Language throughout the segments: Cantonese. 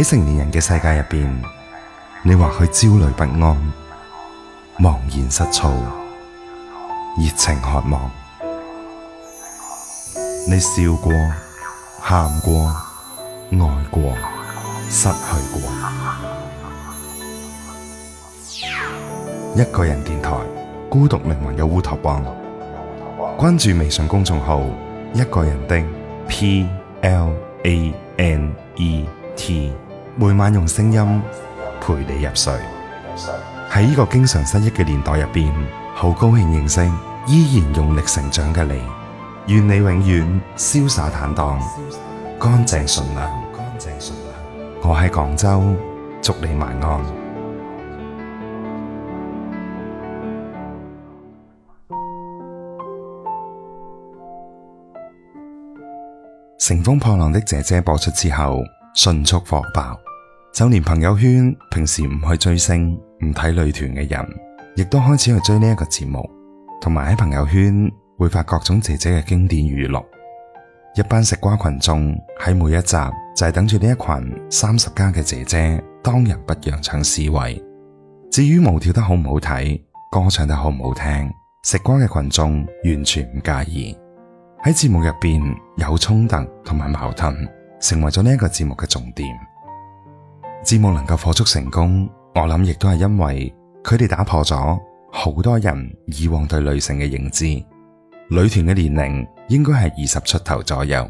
喺成年人嘅世界入邊，你或許焦慮不安、茫然失措、熱情渴望。你笑過、喊過、愛過、失去過。一個人電台，孤獨靈魂有烏托邦。關注微信公眾號“一個人的 P L A N E T”。每晚用聲音陪你入睡。喺呢個經常失憶嘅年代入邊，好高興認識依然用力成長嘅你。願你永遠瀟灑坦蕩、乾淨純良。我喺廣州，祝你晚安。乘風破浪的姐姐播出之後，迅速火爆。就連朋友圈平時唔去追星、唔睇女團嘅人，亦都開始去追呢一個節目，同埋喺朋友圈會發各種姐姐嘅經典語錄。一班食瓜群眾喺每一集就係等住呢一群三十加嘅姐姐當日不讓層思維。至於舞跳得好唔好睇，歌唱得好唔好聽，食瓜嘅群眾完全唔介意。喺節目入邊有衝突同埋矛盾，成為咗呢一個節目嘅重點。節目能夠火速成功，我諗亦都係因為佢哋打破咗好多人以往對女性嘅認知。女團嘅年齡應該係二十出頭左右，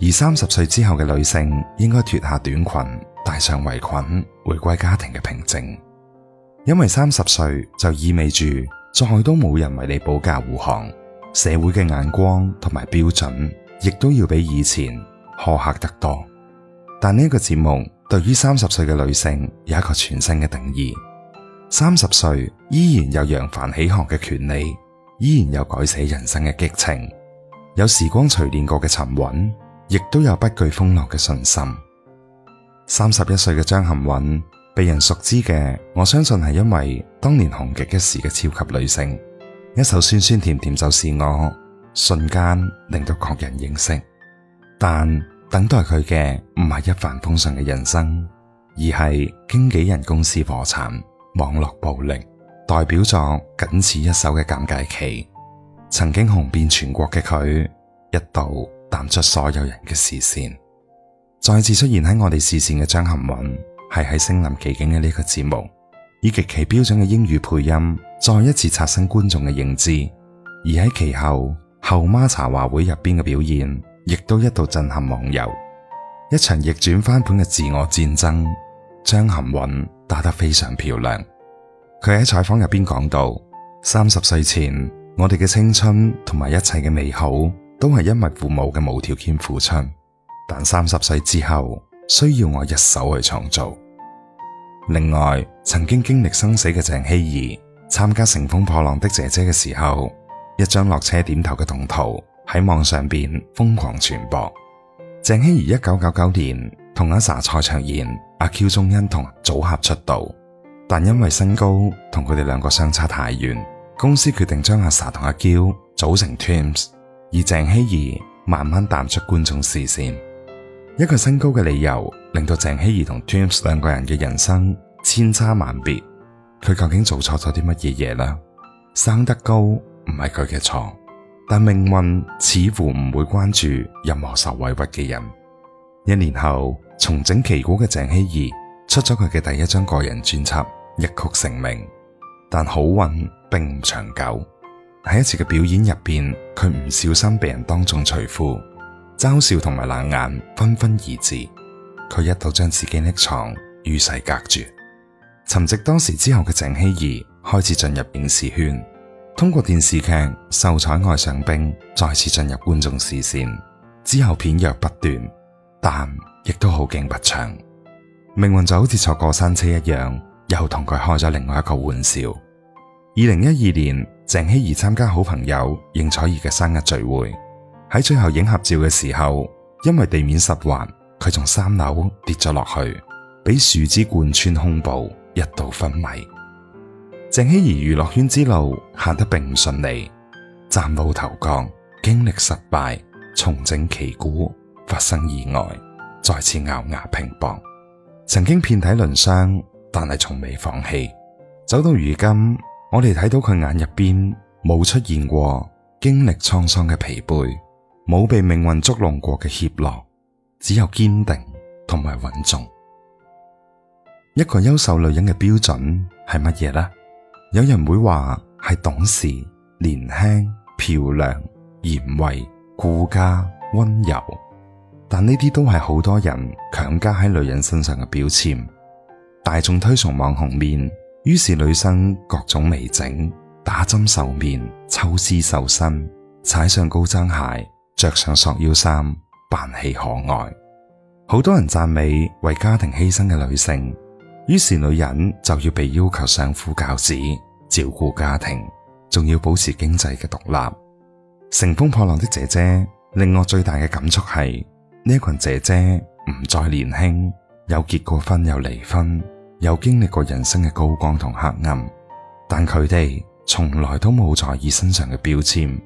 而三十歲之後嘅女性應該脫下短裙，戴上圍裙，回歸家庭嘅平靜。因為三十歲就意味住再都冇人為你保駕護航，社會嘅眼光同埋標準亦都要比以前苛刻得多。但呢一個節目。對於三十歲嘅女性，有一個全新嘅定義。三十歲依然有揚帆起航嘅權利，依然有改寫人生嘅激情。有時光錘煉過嘅沉穩，亦都有不懼風浪嘅信心。三十一歲嘅張含韻，被人熟知嘅，我相信係因為當年紅極一時嘅超級女性，一首酸酸甜甜就是我，瞬間令到國人認識。但等待佢嘅唔係一帆風順嘅人生，而係經紀人公司破產、網絡暴力、代表作僅此一首嘅尷尬期。曾經紅遍全國嘅佢，一度淡出所有人嘅視線。再次出現喺我哋視線嘅張含韻，係喺聲臨其境嘅呢個節目，以極其標準嘅英語配音，再一次刷新觀眾嘅認知。而喺其後，後媽茶話會入邊嘅表現。亦都一度震撼網友，一場逆轉翻盤嘅自我戰爭，張含韻打得非常漂亮。佢喺採訪入邊講到：三十歲前，我哋嘅青春同埋一切嘅美好，都係因為父母嘅無條件付出；但三十歲之後，需要我一手去創造。另外，曾經經歷生死嘅鄭希怡，參加《乘風破浪的姐姐》嘅時候，一張落車點頭嘅動圖。喺網上邊瘋狂傳播。鄭希怡一九九九年同阿 sa 蔡卓妍、阿 Q 鍾欣桐同組合出道，但因為身高同佢哋兩個相差太遠，公司決定將阿 sa 同阿嬌組成 Twins，而鄭希怡慢慢淡出觀眾視線。一個身高嘅理由，令到鄭希怡同 Twins 兩個人嘅人生千差萬別。佢究竟做錯咗啲乜嘢嘢呢？生得高唔係佢嘅錯。但命運似乎唔會關注任何受委屈嘅人。一年後重整旗鼓嘅鄭希怡出咗佢嘅第一張個人專輯，一曲成名。但好運並唔長久。喺一次嘅表演入邊，佢唔小心被人當眾除褲，嘲笑同埋冷眼紛紛而至。佢一度將自己匿藏，與世隔絕。沉寂當時之後嘅鄭希怡開始進入影視圈。通過電視劇《秀才愛上兵》再次進入觀眾視線之後，片約不斷，但亦都好景不長，命運就好似坐過山車一樣，又同佢開咗另外一個玩笑。二零一二年，鄭希怡參加好朋友應采兒嘅生日聚會，喺最後影合照嘅時候，因為地面濕滑，佢從三樓跌咗落去，俾樹枝貫穿胸部，一度昏迷。鄭希怡娛樂圈之路行得並唔順利，嶄露頭角，經歷失敗，重整旗鼓，發生意外，再次咬牙拼搏。曾經遍體鱗傷，但係從未放棄。走到如今，我哋睇到佢眼入邊冇出現過經歷滄桑嘅疲憊，冇被命運捉弄過嘅怯懦，只有堅定同埋穩重。一個優秀女人嘅標準係乜嘢呢？有人會話係懂事、年輕、漂亮、賢惠、顧家、溫柔，但呢啲都係好多人強加喺女人身上嘅標籤。大眾推崇網紅面，於是女生各種微整、打針瘦面、抽脂瘦身、踩上高踭鞋、着上塑腰衫，扮起可愛。好多人讚美為家庭犧牲嘅女性。於是女人就要被要求相夫教子，照顧家庭，仲要保持經濟嘅獨立。乘風破浪的姐姐令我最大嘅感觸係呢群姐姐唔再年輕，有結過婚又離婚，有經歷過人生嘅高光同黑暗，但佢哋從來都冇在意身上嘅標籤，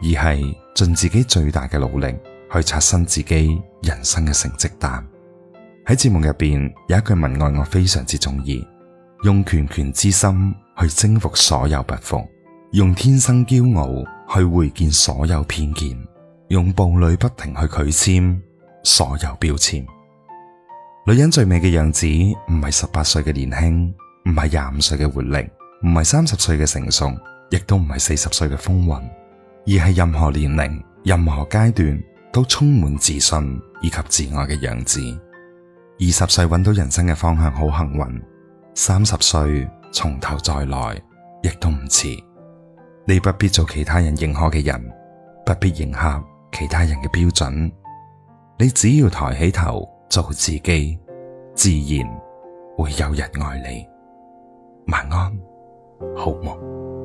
而係盡自己最大嘅努力去刷新自己人生嘅成績單。喺節目入邊有一句文案，我非常之中意，用拳拳之心去征服所有不服，用天生驕傲去會見所有偏見，用步履不停去拒簽所有標籤。女人最美嘅樣子，唔係十八歲嘅年輕，唔係廿五歲嘅活力，唔係三十歲嘅成熟，亦都唔係四十歲嘅風雲，而係任何年齡、任何階段都充滿自信以及自愛嘅樣子。二十歲揾到人生嘅方向好幸運，三十歲從頭再來亦都唔遲。你不必做其他人認可嘅人，不必迎合其他人嘅標準，你只要抬起頭做自己，自然會有人愛你。晚安，好夢。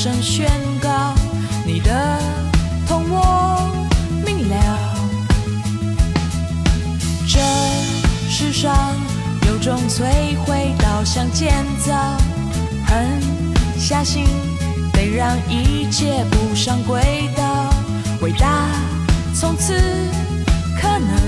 聲宣告，你的痛我明了。這世上有種摧毀，導向建造，狠下心，得讓一切不上軌道，偉大從此可能。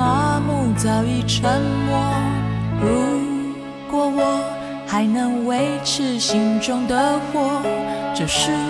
麻木早已沉默。如果我還能維持心中的火，就，這是。